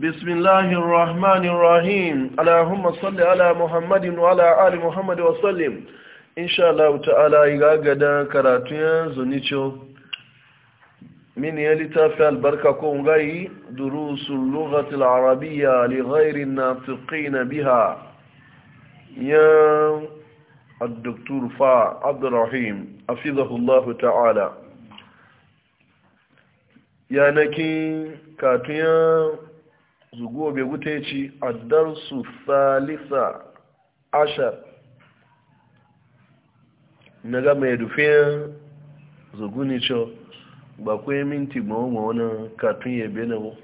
بسم الله الرحمن الرحيم اللهم صل على محمد وعلى آل محمد وسلم إن شاء الله تعالى يغاغدا كراتيا زنيتشو من يلتا في البركة كونغاي دروس اللغة العربية لغير الناطقين بها يا الدكتور فا عبد الرحيم حفظه الله تعالى يا كي كاتيا zugo bai guta ci a darsu salisa ashar na ga mai dufe zuguni cho ba kwaye minti ma'amma wani katun ya bena bu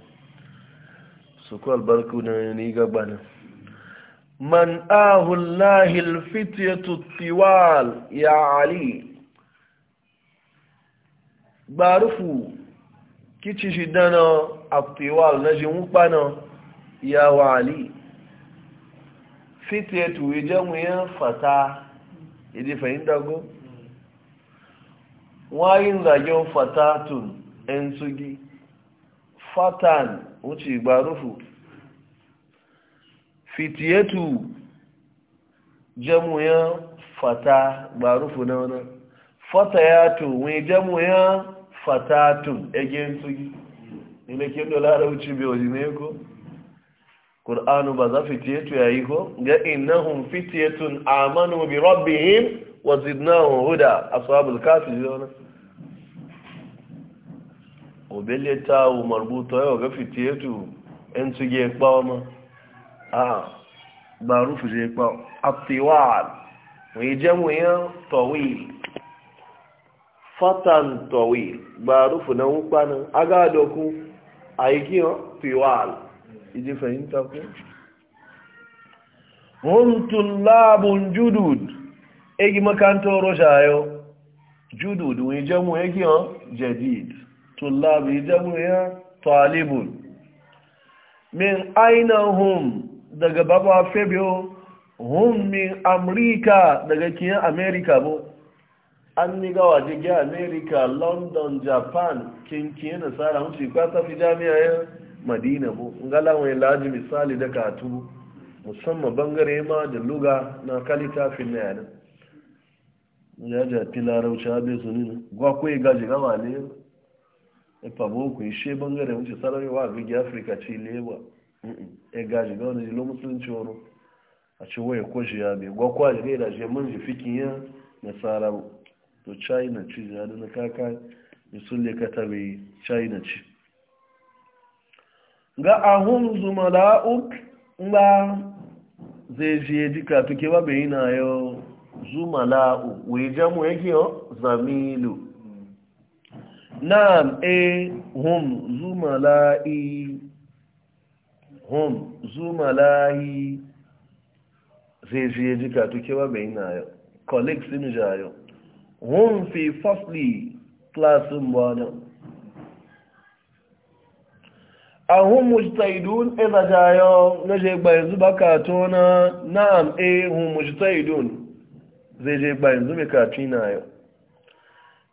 su ku albarku na ni gaba na man ahullahi alfitiyatu tiwal ya ali barufu kici shi dana aktiwal na jin kpanan ya wali fite tu ijen wuyan fata idi fahimta ko wayin zagen fatatun yan tsugi fatan wuce gbarufu fitiyetu jamuyan fata gbarufu na wani fata ya tu wuyi jamuyan ya egen tsugi ile kendo lara uchimbi ozineko qur'anu bazafiti yetu yayiko ga innahum fityatun amanu bi rabbihim wa zidnahum huda ashabul kafi zona obele tawo marbuto yo ga fityetu en tuje pawma ah barufu je paw atiwal wijamu ya tawil fatan tawil barufu na ukwana aga doku aikin fiwal iji fahimta ku hun tullabun judud egi makanto roshayo judud wani jamu yake yan jadid tullabu jamu ya talibun min aina hum daga baba fabio hun min amurika daga kiyan amerika bu an ni gawa jirgin america london japan kinkin na tsara hunci kwata fi jami'ayen madina bu ngalawai laji misali da katu musamman bangare ma da luga na kalita fin na yanar ya jafi larauci abe su nuna gwakwai gaji gama ne ifabo e ku ishe bangare wuce sararewa gigi afirka ci lewa ya e gaji gama da jilo musulunci wani a ci waya kwashi ya bai gwakwa da da je mun ji nasara to china ci ya da kaka misulle china ci ga ahun zumala'uk ba zai je jika tuke ba na yau zumala'u wai jamu yake yau zamilu na'am e hum zumala'i hum zumala'i na hum fi fasli klaasị mbụ anya ahun mujtaidun e ya na je gba yanzu bakato na na'am eh hum mujtaidun zai je gba yanzu bakato na yau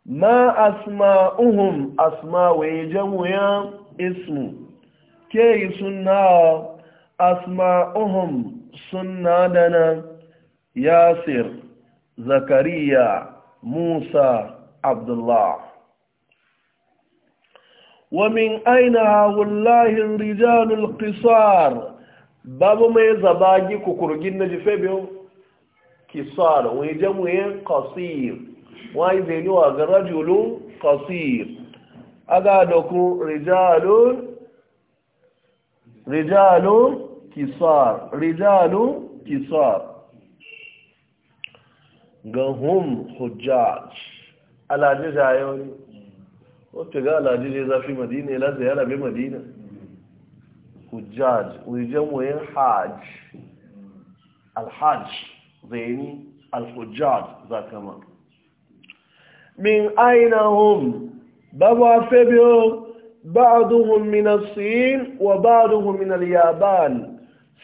ma asma'uhum asma wa jamu ya ismu ke sunna uhum sunna dana yasir zakariya موسى عبد الله ومن أين والله الرجال القصار باب ما يزباجي كوكورجين نجفه بيو قصار ويجمعين قصير ويزينوا رجل قصير أقادكم رجال رجال قصار رجال قصار ga hum hujjaj alhaji yau ne wacce ga zai zafi madina ya ya rabe madina hujjaj wajen wayan hajj alhajj zaini alhujjaj za kama min aina hum babu febiyo ba'aduhum min as-sin wa ba'aduhum min al-yaban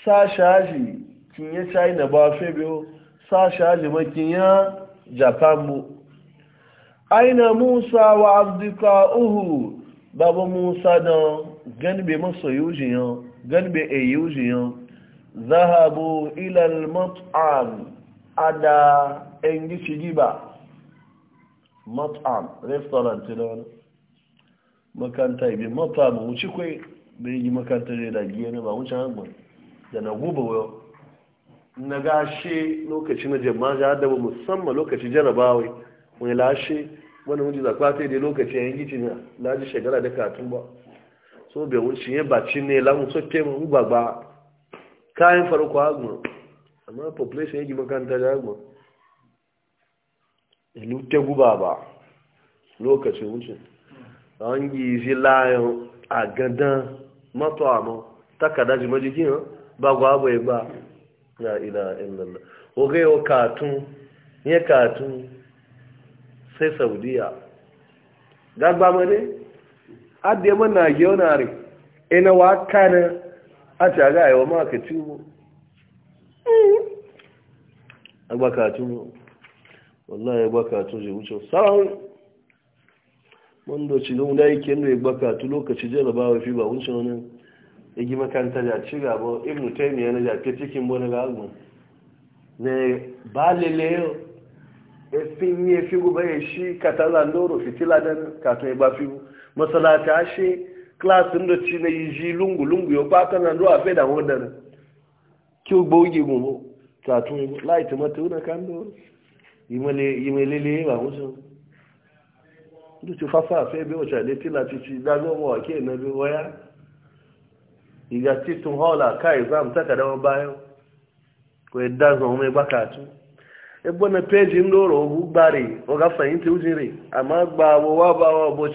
sashaji kin ya china ba febiyo sasha limakin ya japan bu aina musa wa abdika uhu babu musa don ganibe maso yujiyan ganibe a yujiyan zahabu ilal mat'am ada engi shigiba mat'am restaurant na wani makanta ibi mat'am wuce kwai bai yi makanta ne da giyar ba wuce hangbon da na guba wayo na gashe lokaci na jama'a ya da musamman lokaci jarabawai wani lashe wani wuji zakwa sai dai lokaci yayin gici na laji shekara da katun ba so bai wuce ya baci ne lamun soke mu gbagba kayan farko agun amma population ya gima kanta da agun ilu guba ba lokacin wuce an yi zi layan a gandan mato ma, takada jimajigin ba gwagwa ba la ilaha illallah oge o katun nye katun sai saudiya gagba made adde man na yonare ina wa kana a ta ga ayo ma ka tubo agba katun wallahi agba katun je wuce sawun mun do ci don dai kendo agba katun lokaci jarabawa fi ba wuce wannan igi makanta da ci gaba ibn taymiya na jafe cikin bone ga agun ne ba lele yo efin ye figu ba ye shi katala ndoro fitila dan kato e ba fi figu ta shi class ndo ci na yiji lungu lungu yo pata na ndo afe da hodana ki gbo gi gumbo kato light mata una kan ndoro yimele yimele ba musu ndo ci fafa fe be o cha le tila ci da dago mo ke na bi waya iga titun hola kai exam taka da bayo ko yadda zan bakatu ebo na page ndoro ogu gbari o ga fahimta ujire amma gba bo wa ba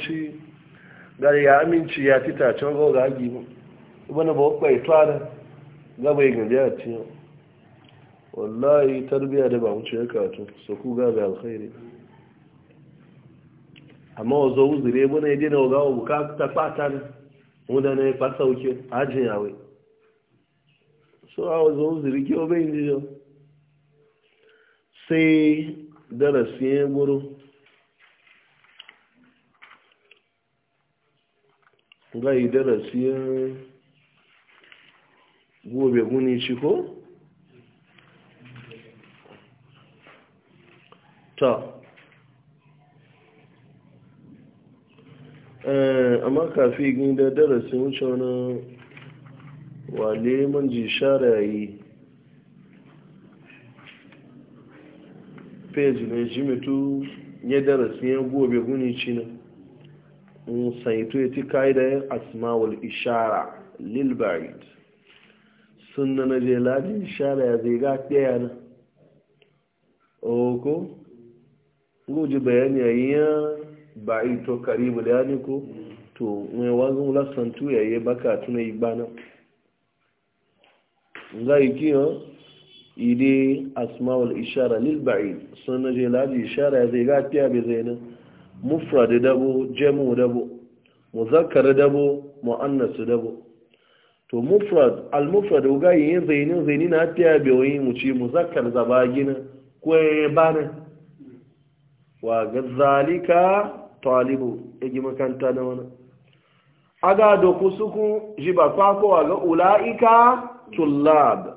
gari ya aminci ya tita can ga gi ebo na bo kwai tsara ga bai wallahi tarbiya da ba so ku ebo na bukata wanda na ya fasa wuce ajin yawai so a wazo zirki obe yin jiyo dara darasi ya guru ga dara darasi ya gobe guni shi ko? ta Eh, amma kafin da darasin wuce wani wale manji sharayi page ne jimitu ya darasin ya gobe guni cina saito ya ti ka'idayen asmawul ishara lilbarid sun na na jelajin ishara ya zai ga ɗaya na oko guji bayani ya. ba'i to karibu da yani ko to mai wazin lasan tuya ya baka tuna igbana za yi kiyo ide asmawul ishara lil ba'i sun na je laji ishara zai ga fiya bai zai nan mufra da dabo jemu dabo muzakkar dabo mu'annas dabo to mufrad al mufrad uga yin zainin zai na fiya bai wani mu ce muzakkar gina ko ya bana wa gazzalika talibu igi makanta na wani aga da ku suku ji ba kwakowa ga ula'ika tullab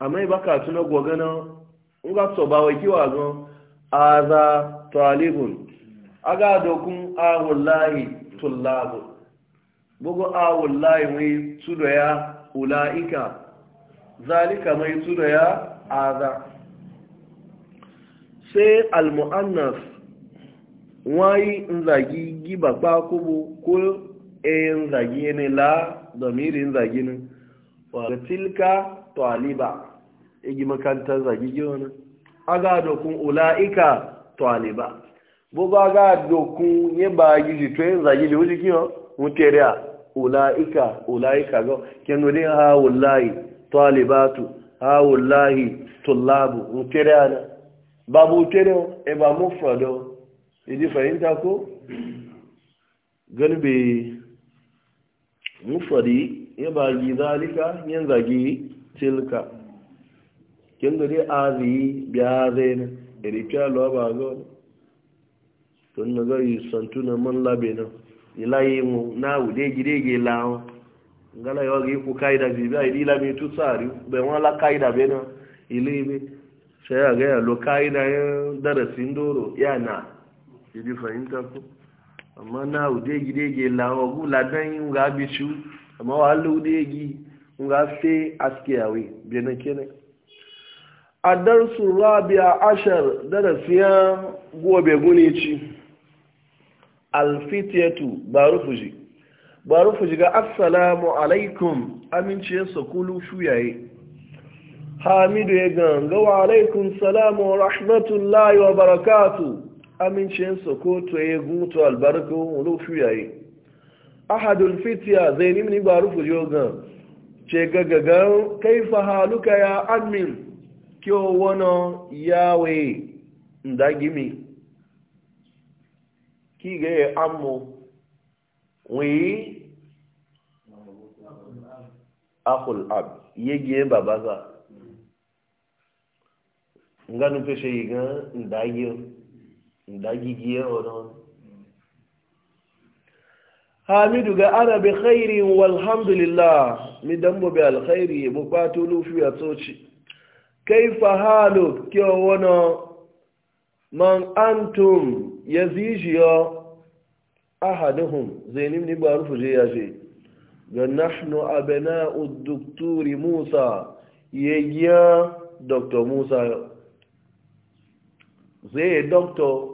amma yi baka tuna gogana nga so ba wai kiwa gan aza talibun aga da kun awullahi tullabu bugu awullahi mai tudo ya ula'ika zalika mai tudo ya aza sai al-mu'annas wayi in zagi giba ba kubu ko in e zagi ne la domirin zagi ne wa tilka taliba igi makantar zagi gina aga dokun ula'ika taliba gbogbo aga dokun ye ba gidi to yin zagi da wuce kiyo mutere a ula'ika ula'ika ga kenu ne ha wallahi talibatu ha wallahi tullabu mutere a na babu mutere e ba mufrado idi fahimta ko gani bai mufari ba bagi zalika yin zagi tilka kin gari aziyi biya zai na irikya lo ba ga tun na gari santuna man labe na ilayi mu na wude gide ge lawo ngala yawa ga iku kaida bi ba idi lami tu sari bai wala kaida be na ilimi sai ga ya lo kaida ya darasi ndoro ya na ke ji fahimta ku amma na udegi dege lawa gu ladan yin ga amma wa Allah udegi nga fe A awe bena kene الدرس الرابع عشر درس يا غوبي غنيتي الفتية باروفجي barufu ga assalamu alaikum amince su shuyaye hamidu ya ganga wa alaikum salamu rahmatullahi wa barakatu amincinsa ko tuye gutu albarku rufu yayi ahadul fitya zaini min ba rufu yoga ce gagaga kaifa haluka ya amin kyo wono yawe ndagimi ki ga ammo wi akul ab yege babaza nganu peshe yiga ndayo ndagigi hamidu ga arabi khairi walhamdulillah mi dambo bi alkhairi mu kwato lufi a tsoci kaifa halu kyau wani man antum ya zijiyo ahaduhum zainim ni ba je ya ga nahnu abna'u dukturi musa yayya dr musa zai doctor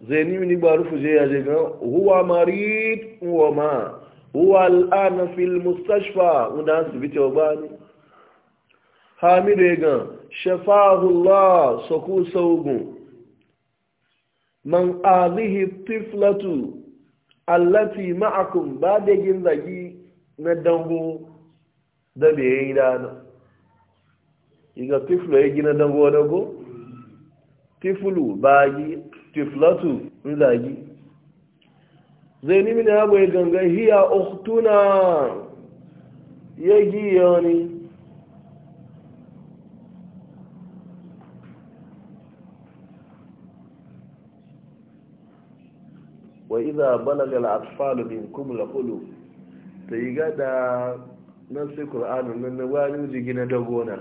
zaini ni ba rufu je ya je ga huwa marid huwa ma huwa al'ana fil mustashfa wanda sibiti wa bani hamidu ya ga shafahu allah soku saugun man azihi tiflatu allati ma'akum ba da gin zagi na dango da bai yi dana iga tiflo ya gina dango dango tiflu bagi tiflatu rilagi zai nimi da abu ya ganga hiya uktuna ya giya ne wa iza balagal atfalu minkum laqulu ta yi gada nan sai qur'anin nan na wani jigina da gona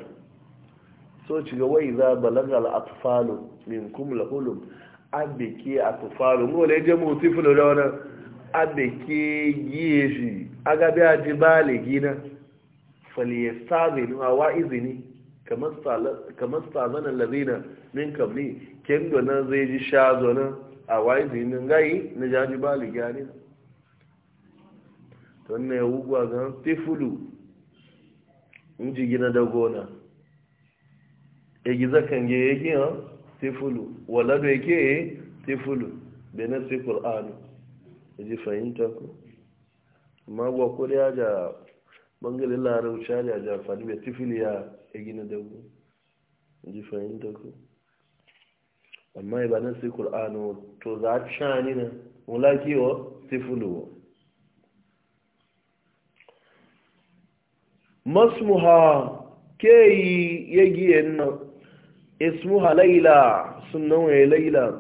so ci ga wa iza balagal atfalu minkum laqulu abeke atufaru le je motifu lo dona abeke yeji agabe aji bale gina falyastazinu awa izini kamar kamar stazana ladina min kabli ken dona zai ji sha zona awa izini ngai na jaji bale gani to ne wugwa ga tifulu in ji gina da gona ya e gizakan ge ya e gina tifulu walado yake tifulu eh, bene si qur'ani ji fahimta ko amma gwa ko ya ja bangare larauca da ja fadi mai tifili ya gina egina dago ji fahimta ko amma ibadan si qur'ani to za chani na mulaki o tifulu masmuha ke yi yegi nan ismuha laila sunan wa laila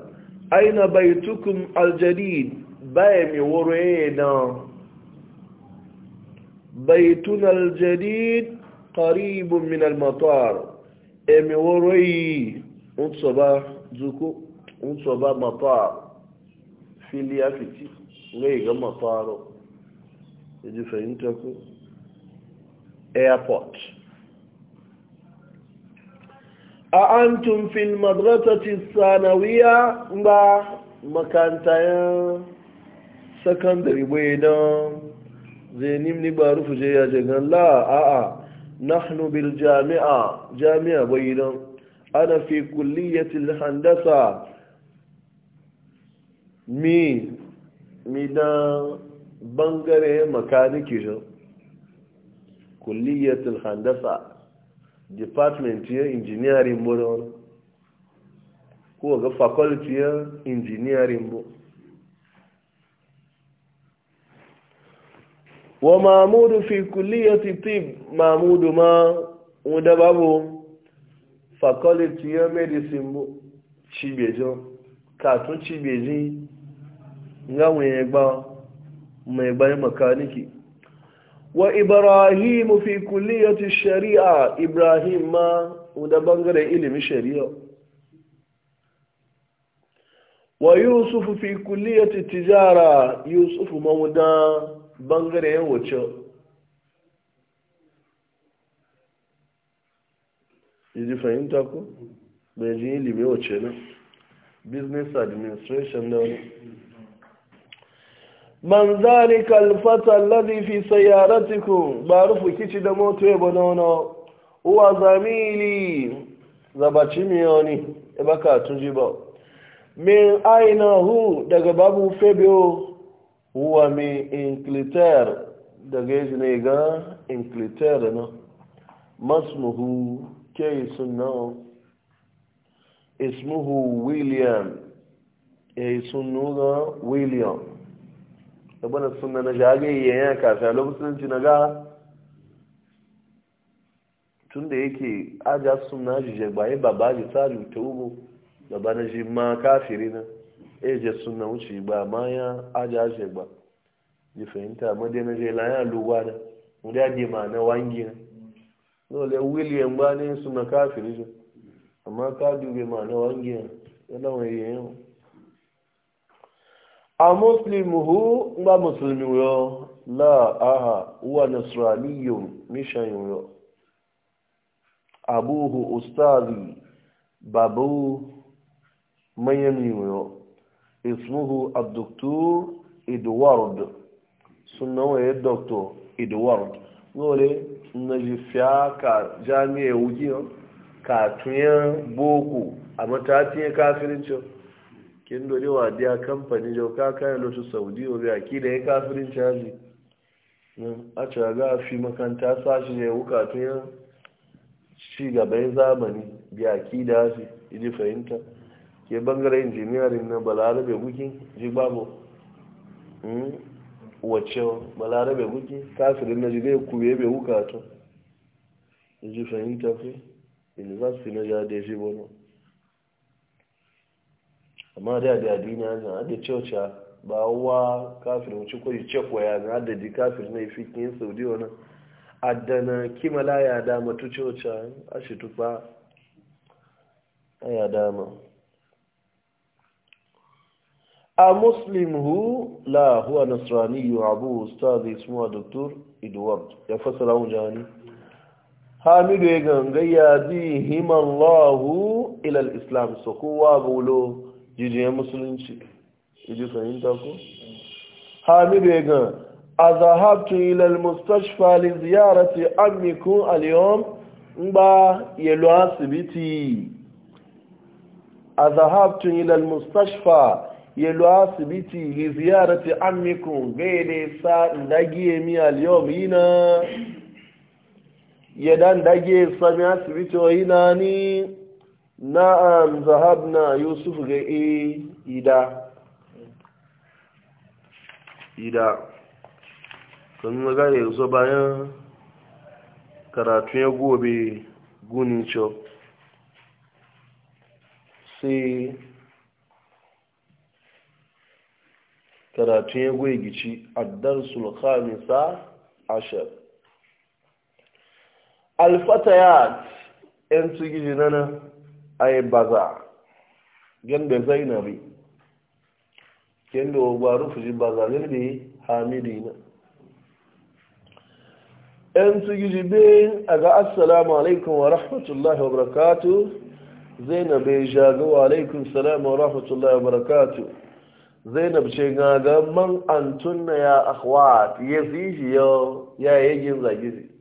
aina baitukum aljadid baye mi worena baitun aljadid qaribun min almatar e mi woroi un soba zuku un soba matar fili afiti ngai ga mataro e di fayinta ku airport a an tumfin madrasati sanawiya ba makantayen sakandare bai don zenim ni ba rufu je ya jagan la a'a nahnu bil jami'a jami'a bai don ana fi kulliyatil handasa mi mi don bangare makaniki kulliyatil handasa department ya engineering bo don ko ga faculty ya engineering mbụ wa mamudu fi kulliyati tib mamudu ma wanda babu faculty ya medicine mbụ chibejo ka tun chibeji nga wen egba ma egba mekaniki wa ibrahimu fi kulliyati sharia ibrahim ma da bangaren ilimin shari'a wa yusuf fi kulliyati tijara yusuf ma da bangaren wacce ji fahimta ko bai ji wacho na business administration da man zalika alfata alladhi fi sayaratikum barufu kici da moto e bonono uwa zamili zabaci miyoni e baka tunji ba min aina hu daga babu febio huwa mi inkliter daga yaji ne ga inkliter na masmuhu ke sunna ismuhu william e sunnu ga william da bana suna na jagaye yayin kafin lokacin na ga tun da yake aja suna jije baye baba ji tsari ta ugu da na ji ma kafiri na eje suna wuce ba ma ya aja je ba ji fahimta madina je la ya lugwa da wuri adi ma na wangi na ole william ba ne suna kafiri jo amma ka dube ma na wangi na yana wani yayin a muslim hu ngba musulmi yo la aha huwa nasraniyun mishan yo abuhu ustazi babu mayami yo ismuhu abdoktor edward sunan ya doktor edward ngole najifya ka jami'a ka katun boko a matatin kafirin cewa kin dole wa biya kamfani jau ka kayan lotu saudi obiya ki da ya kafirin caji a cewa a fi makanta sashi ya wuka tun yan ci gaban zamani biya ki da shi iji fahimta ke bangare injiniyarin na balarabe guki ji babu hmm? wacce balarabe guki kafirin na jide kuwe bai wuka tun iji fahimta fi university na jade shi bono amma da da addini zan hada cewa ba wa kafir mu ci koyi ce koya zan hada di kafir ne fikin saudi wannan addana kimala ya da mutu cewa a shi tufa ya dama a muslim hu la huwa nasrani abu ustazi ismuwa doktor edward ya fasara wujani hamidu ya gangayya zihim allahu ilal islam su kowa bulo jijiyen musulunci iji fahimta ko hamidu ya gan a zahabtu ilal mustashfa li ziyarati ku aliyom n ba yelo asibiti a zahabtu ilal mustashfa yelo asibiti li ziyarati gai gaide sa ndagiye mi aliyom yina yadan dage sami asibiti wa yina ni na'am zahabna yusuf ga e, ida ida kan magana yanzu bayan karatu ya gobe gunin cok sai karatu ya goye gici addar sulhamisa ashar alfatayat 'yan su gijinana ay baza gende zainabi kendo gwaru fuji baza gende hamidina en su gidi be aga assalamu alaikum wa rahmatullahi wa barakatuh zainab jaga wa alaikum salam wa rahmatullahi wa barakatu". zainab ce ga man antunna ya akhwat ya zijiyo ya yajin gizi".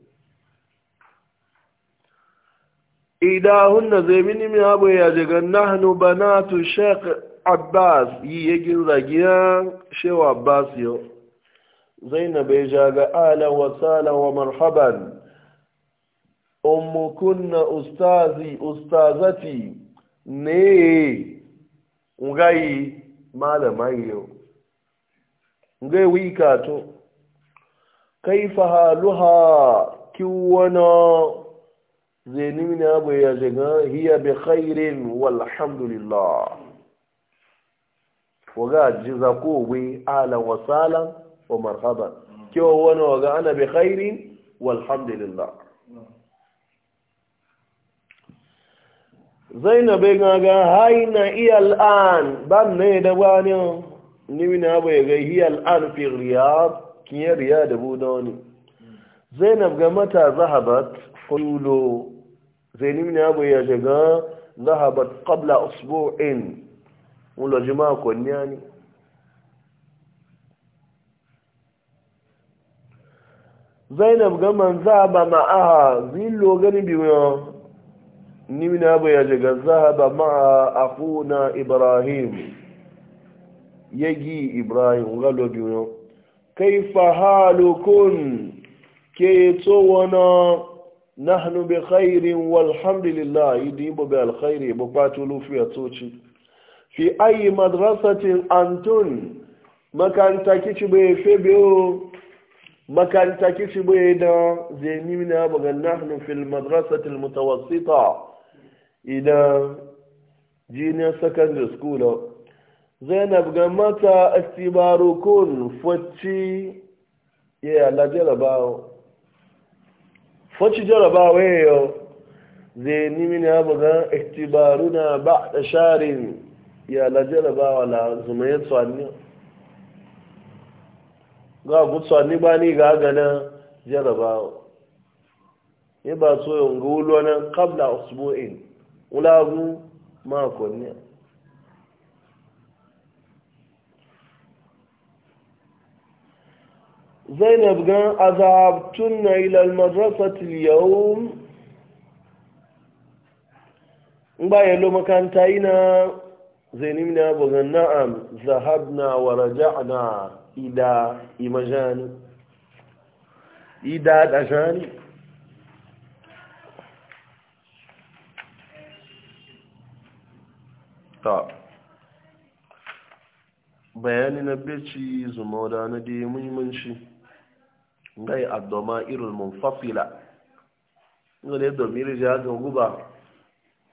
idahunna zai mini mi abu ya daga nahnu banatu sheikh abbas yi yagin zagiya shehu abbas yau zainab ya ga alan wa salan wa marhaban ummukunna ustazi ustazati ne ngai malama yau ngai wika to kaifa haluha kiwana zai nimina bai ya shiga hiya bi khairin walhamdulillah waga jiza za bai alan wa salan wa marhaban kewa wani waga ana bi khairin walhamdulillah zainabai gaga haina iyal an ban ne da wani nimina bai ga hiya al'an fi riyad kiyar riyad da budoni zainab ga mata zahabat kululo ni abu ya bai shiga zahabat qabla usbu'in in lo jima ko nyani zainab ga man zaba ma'aha zillo gani biyo ni abu ya bai shiga zahaba ma'a akuna ibrahim yagi ibrahim ga biyu biyo kaifa halukun ke to wana nahnu bi khairin walhamdulillah idi bo bi alkhairi bo patulu fi atoci fi ayi madrasatin antun makanta kici bai febe o makanta kici bai da zemina baga nahnu fil madrasati almutawassita ida junior secondary school zainab ga mata astibarukun focci ya yeah, lajalabawo faci jarabawa yau zai nimi ne abu ga iktibaru na ba da sharin ya la jarabawa la zumaye tsanni ga ku tsanni ba ni ga gana jarabawa ya ba so yin ga wulwanan kabla usbu'in ulagu makonni zainab gan azabtunna ila almadrasati alyawm ngba yelo makanta ina zainim na bugan na'am zahabna wa raja'na ila imajani ida dashani ta bayani na beci zuma wadana da muhimmanci ngai addoma irul munfasila ngale domiri ja ga guba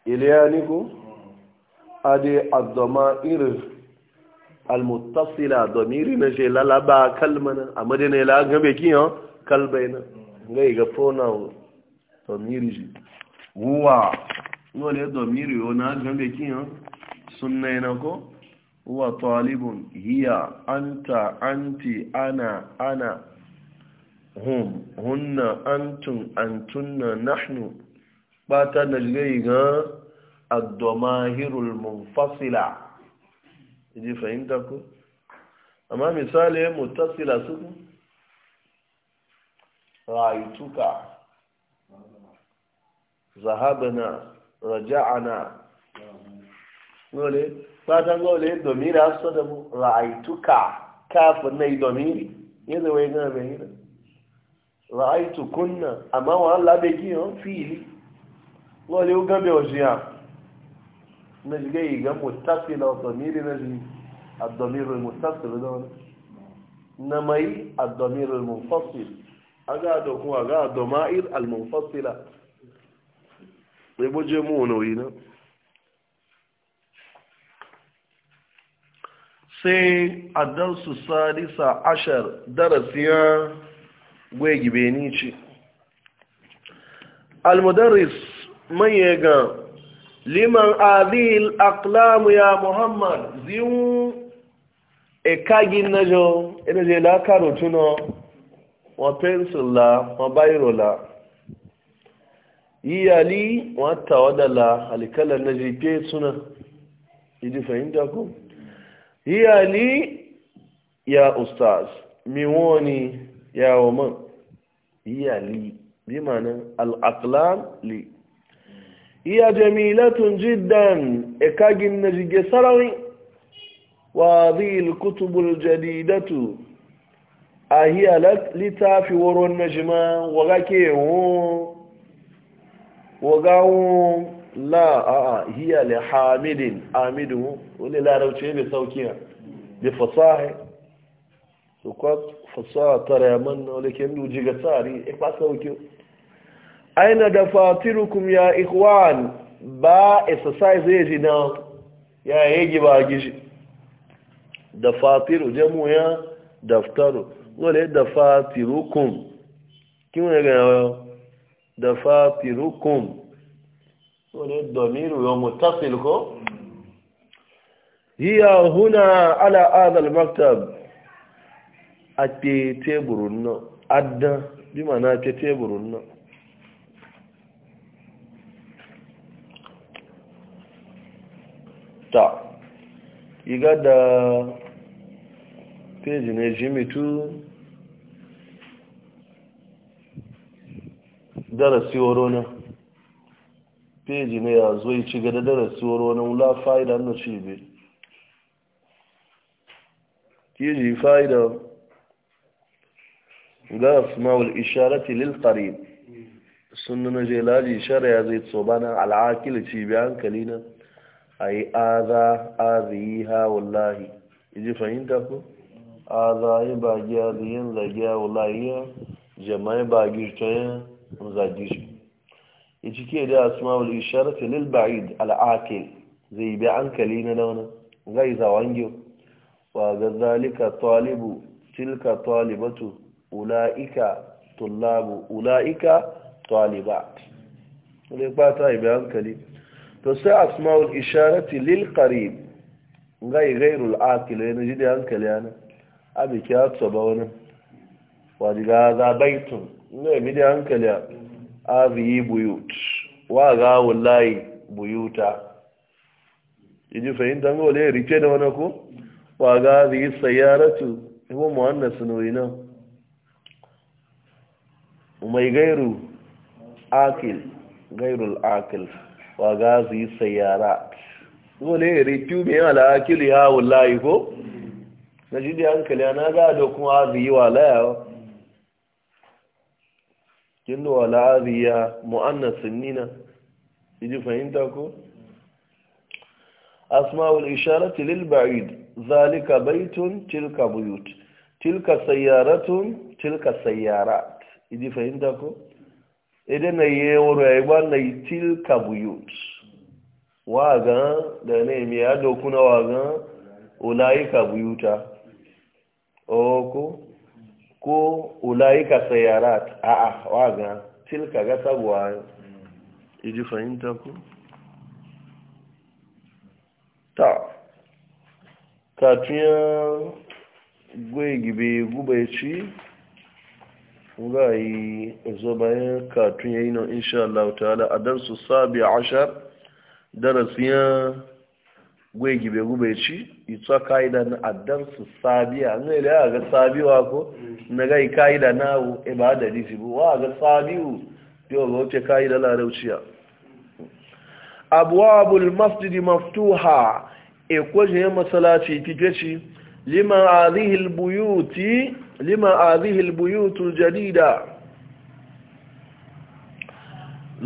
iliyani ko ade addoma irul almuttasila domiri na je lalaba kalmana amade ne la gabe kiyo kalbaina ngai ga pronoun domiri ji huwa ngale domiri yo na gabe kiyo sunna na ko huwa talibun hiya anta anti ana ana hum hunna antum antunna nahnu bata na gai ga addomahirul munfasila ji fahimta ku amma misali mutasila su raituka zahabana raja'ana gole fatan gole domira su da mu raituka kafin na yi domiri yadda wai gana bai yi ra'aitu tukunna. amma wa Allah be gi fi fili wa le uga be ojia na jige iga mutasila wa dhamiri na ji ad-dhamir al-muttasil don na mai ad-dhamir sai sadisa ashar darasiya gwai gibe ni ce almudaris manye ga liman azil aklamu ya muhammad ziyun ekagin najo inaje la karotuna wa pencil la wa bayro la yiyali wa tawada la alikalar naje pe suna idi fahimta ku yiyali ya ustaz miwoni ya waman iya li bi manan al'aqlam li iya jamilatun jiddan ikagin e na jige sarari. wa zil kutubul jadidatu a hiya littafi waron na jima waga ke waga wun a hiya li hamidin amidu wani larauce bai saukiya bi fasahi su kwat fasaha tara ya manna wale ke ndu jiga tsari e pasa uke aina da fatirukum ya ikhwan ba exercise yaji na ya yaji ba gishi da fatiru jamu ya daftaru wale da fatirukum kin ne ga da fatirukum wale damiru ya mutasil ko hiya huna ala adal al-maktab a fe teburin nan addan bi ma na fe teburin nan ta iga da peji ne jimitu darasi waro na peji ne ya zo ci gada darasi waro na wula fa'ida na cibi ki ji fa'ida ga asma'ul isharati lil qarib sunan jelaji ishara ya zai tsobana al'akil ci bi hankali na ayi aza aziha wallahi iji fahimta ko aza yi ba giya ziyin zagiya wallahi ya jama'i ba gishtoyin zagi shi iji ke da asma'ul isharati lil ba'id al'akil zai bi hankali wa ga tilka talibatu ula'ika tullabu ula'ika talibat wani bata ibe hankali to sai asma'ul isharati lil qarib ngai ghairul aqil ji da hankali ana. abi ki atso ba wani wa diga za baitun ngai mi da hankali azi buyut wa ga wallahi buyuta idi fahimta ngole rike da wani ko wa ga zi sayaratu ko muannas nuina mai gairu akil gairu akil wa ga su yi sayara dole ritu mai yawa da akil ya wulayi ko na ji da hankali na ga da kuma azu yi wa layawa kin da wala azu ya mu'annasin nina ji fahimta ko asma'ul isharati lil ba'id zalika baitun tilka buyut tilka sayaratun tilka sayara. idi fahimta ko idan na yi wuri ya gba na yi tilka buyut wagan da ne mai ya dokuna wagan ulayika buyuta oko ko ulayika sayarat a'a wagan tilka ga sabuwa idi fahimta ko ta katiyan gwe gibe gube ci ga yi zo bayan katun yayi nan insha Allah ta'ala a darsu sabi ashar darasiyan gwai gibe gube ci ita ka'ida na adarsu sabiya an ga ya ga sabiwa ko na ga ka'ida na wu e ba da disi bu wa ga sabiu yo ga wace ka'ida la rauciya abwabul masjid maftuha e ko je masalaci fiteci liman hadhihi al buyuti lima hadhihi albuyutu aljadida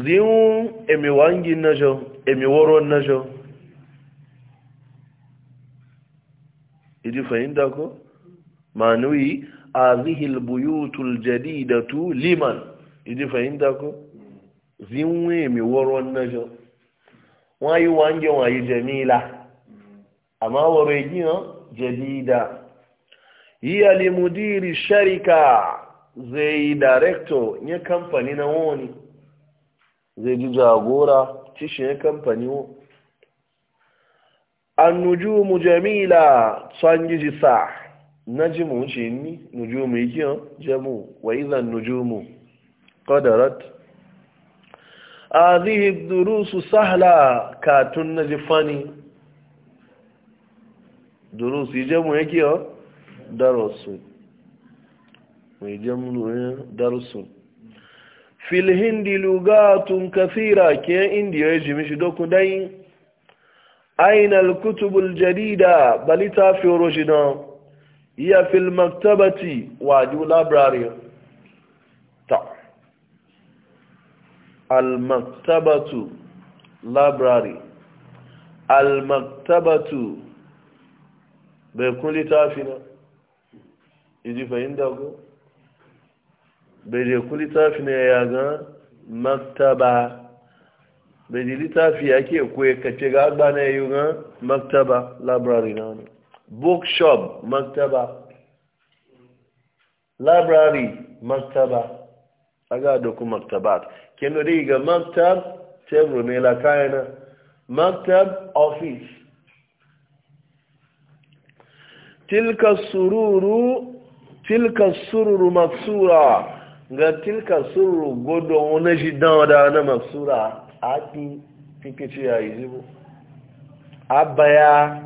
ziun emiwangi najo emiworo najo idi fahimta ko manui hadhihi albuyutu aljadidatu liman idi fahimta ko ziun emiworo najo wayi wange wayi jamila amma woro ejiyan jadida hii alimudiri sharika zei director ne company na woni zai ji tishi tishin company wo annujumu jamila tsangiji sa najimu chini ni nujumu ikiyan jamu wa idha nujumu qadarat hadhihi durusu sahla katun najfani durusi jamu ikiyan darasu mai jamlurin eh, darsu fil hindi lugatun kafira ke indiya ya jimi shi doku dai ainihin kutubul jadida balita fi original iya fil maktabati waju library ta al-maktabatu library al-maktabatu bai kun littafi na iji fahimta ko bai je ku littafi ne ya ga maktaba bai ji littafi ya ke kuwa kace ga agba na yi ga maktaba library na wani bookshop maktaba library maktaba a ga doku maktaba kendo dai ga maktab tebur ne la kayana maktab office tilka sururu tilka sururu maksura ga tilka sururu godon wani shi dawada na maksura a fi fikici ya yi zibo baya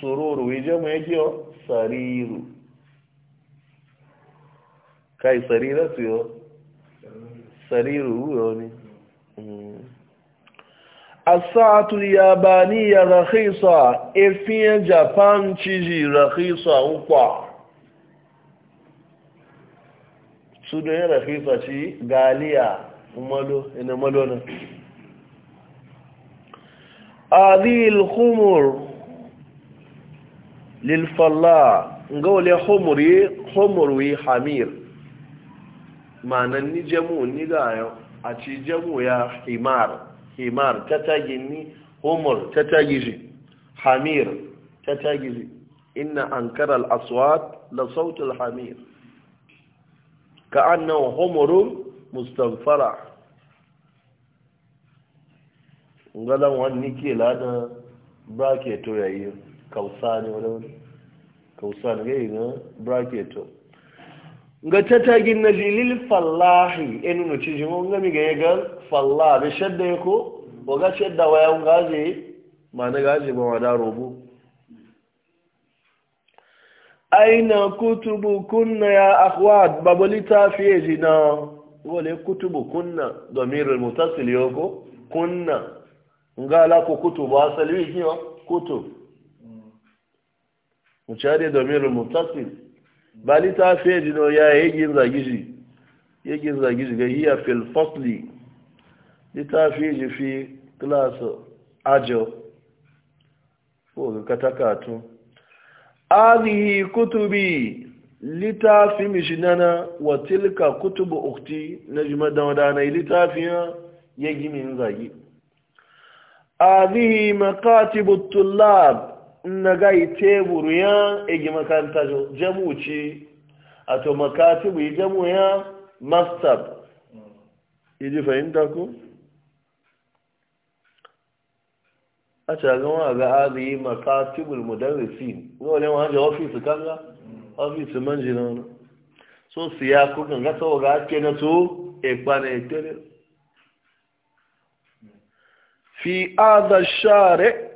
sururu ije mu yake yo sariru kai sarira su yo sariru ruwa ne asatu yabaniya rahisa efiyan japan chiji rahisa ukwa sudo ya rahisa ci galiya umalo ina malo na adil khumur lil falla ngawle khumuri khumuri hamir manan ni ni gayo a ci jamu ya himar himar tatagini humur tatagiji hamir tatagiji inna ankara al-aswat la da al-hamir ka'annahu homerun mustanfara ngalan wani ke lada bracket to yayi kausani wala kausani ga bracket ga tattagin na jilil fallahi enu na ciji mun ga mi ga yaga falla be shadda ko ba ga shadda waya un gaje ma na gaje ba daro bu aina kutubu kunna ya akhwat babolita fiye na wale kutubu kunna domirul mutasil yoko kunna ga ko kutubu asali kiwa kutub mchade domirul mutasil ba littafi no ya yi zagiji yagin zagiji ga hiya fil fasli littafi ji fi klas ajo ko ga katakatu azihi kutubi shi, mishinana wa tilka kutubu ukti na jimadan wadanai littafiya yagin zagi azihi makatibu tullab na gai teburu ya egi makaranta jamu ci ato maka makatibu yi jamu ya mastab iji fahimta ku? a cagawa ga aziyi makatibul mudarrisi wani wajen ofisi kanga ofisi manji na wani so siya kukan gasa wa ga ake na so ekpa na ekpere fi adashare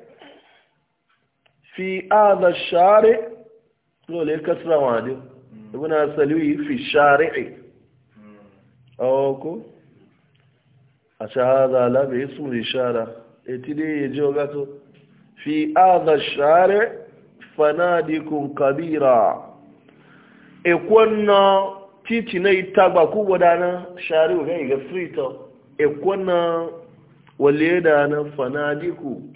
fi adha share lole kasra wadi ibn asali fi shari'i hmm. awko acha hadha la bi ism ishara etide yejo gato fi adha share fanadikum kabira ekwanna titi na itagba kubo dana shari'u ga frito ekwanna wale dana fanadikum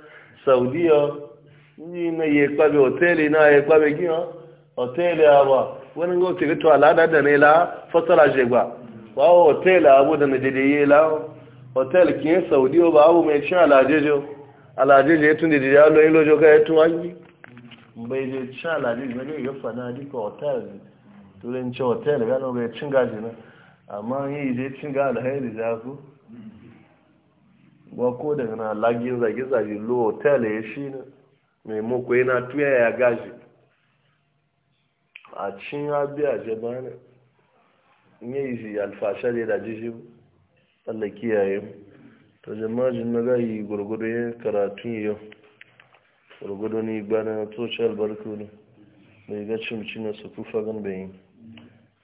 Saudi saudiya oh. ni na ye kwabe hoteli na ye kwabe gina oh. hoteli awa wani ga hoteli to alada da ne la fasara je gba ba hoteli abu da na dede ye la oh. hotel kin saudiya ba abu mai cin alajejo alajejo ya tun da dede alo yin e lojo ka ya e tun hanyi bai je cin alajejo ne ya fana dika hotel turanci hotel ya nan bai cin gaji na amma yi je cin ga alhairi za ku ba ko daga na lagin zage-zage lo hotel ya shi na mai moko yana tuya ya gaji a cin abi a jaba ne ya yi alfasha da da shi tsallaki yayin ta jamajin na gayi gurgudu ya karatu yau gurgudu ni gbana tocal barkudu mai ga cimci na su kufa gan bayin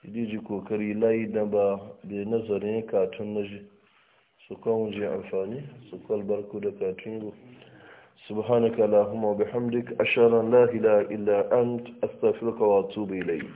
idiji kokari layi da ba da nazarin katun na shi su kawo ji amfani su kalbarku da katungu subhanaka lahumma bihamdik asharan la ilaha illa ant astaghfiruka wa atubu ilayk